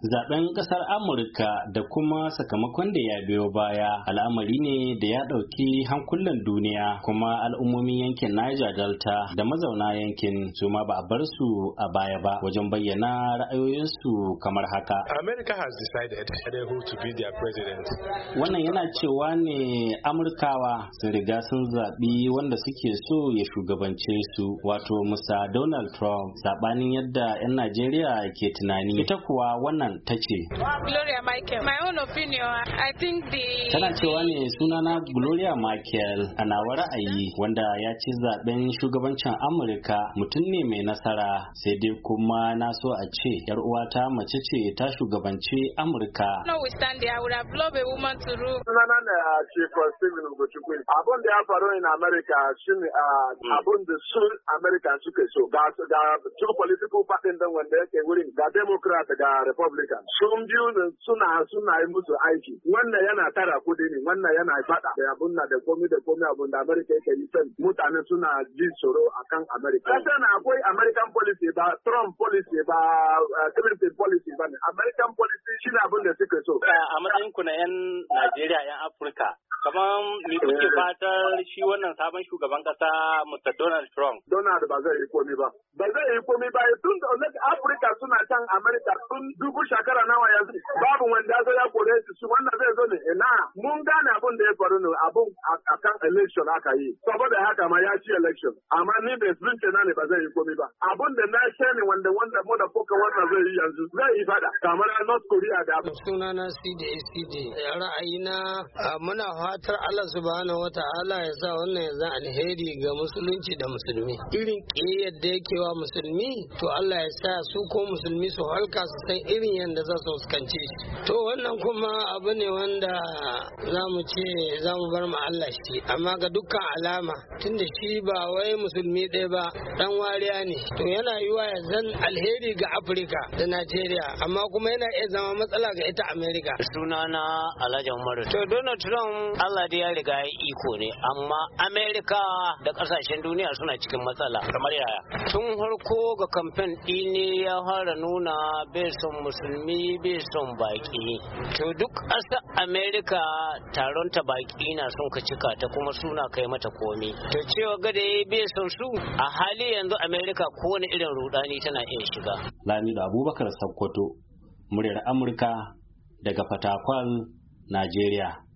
zaben kasar amurka da kuma sakamakon da ya biyo baya al'amari ne da ya ɗauki hankulan duniya kuma al'ummomin yankin niger delta da mazauna yankin su ma ba a bar su a baya ba wajen bayyana ra'ayoyinsu kamar haka america has decided who to be their president wannan yana cewa ne amurkawa sun riga sun zaɓi wanda suke so ya shugabance su wato musa donald trump saɓanin yadda 'yan najeriya ke tunani ita kuwa wannan Jordan ta ce. Gloria Michael, my own opinion, I think the... Tana cewa ne sunana Gloria Michael a nawa ra'ayi wanda ya ci zaben shugabancin Amurka mutum ne mai nasara sai dai kuma na so a ce yar uwata mace ce ta shugabanci Amurka. No we stand there, I would have loved a woman to rule. Sunana ne a for Stephen Ugochukwu. Abun da ya faru in America shi ne uh, hmm. abun da sun America suka so. Ga two political party din wanda yake wurin ga Democrat ga Republican. Republican sun biyu suna suna yi musu aiki wannan yana tara kudi ne wannan yana fada da abun na da komi da komi abun da Amerika yake yi san mutane suna ji tsoro akan Amerika. Kasan akwai American policy ba Trump policy ba Clinton eh, policy ba ne American policy shi abun da suke so. Eh, a matsayin ku na 'yan Najeriya 'yan Afirka Kamar me kuke eh. fatar shi wannan sabon shugaban kasa Mr. Donald Trump? Donald ba zai yi komi ba. Ba zai yi komi ba eh, tun da Afirka suna can Amerika tun dubu shekara nawa yanzu babu wanda zai ya kore su wannan zai ne ina eh, mun gane abin da ya faru ne abin a kan election aka yi saboda haka ma ya ci election amma ni bai zunce na ne ba zai yi komi ba abin da na ce ne wanda wanda mu da foka wannan zai yi yanzu zai yi fada kamar a North Korea da abin. na CDA CDA eh, ra'ayina ah, muna fatar Allah subhanahu wata'ala ya sa wannan ya zan alheri ga musulunci da musulmi irin kiyayyar da yake wa musulmi to Allah ya sa su ko musulmi su halka su san irin yadda za su fuskanci to wannan kuma abu ne wanda wanda za mu ce za mu bar ma Allah shi amma ga dukkan alama tunda shi ba wai musulmi ɗaya ba dan wariya ne to yana yiwa ya zan alheri ga Afirka da Najeriya amma kuma yana iya zama matsala ga ita Amerika sunana Alhaji Umaru to Donald Trump Allah da ya riga ya iko ne amma Amerika da kasashen duniya suna cikin matsala kamar yaya tun farko ga kamfen ɗini ya fara nuna bai son musulmi bai son baki to duk ƙasar Amerika taron ta baki na son ka cika ta kuma suna kai mata komi Ta cewa gada ya bai son su a hali yanzu Amerika kowane irin rudani tana iya shiga lamido abubakar sakkwato muryar amurka daga fatakwal najeriya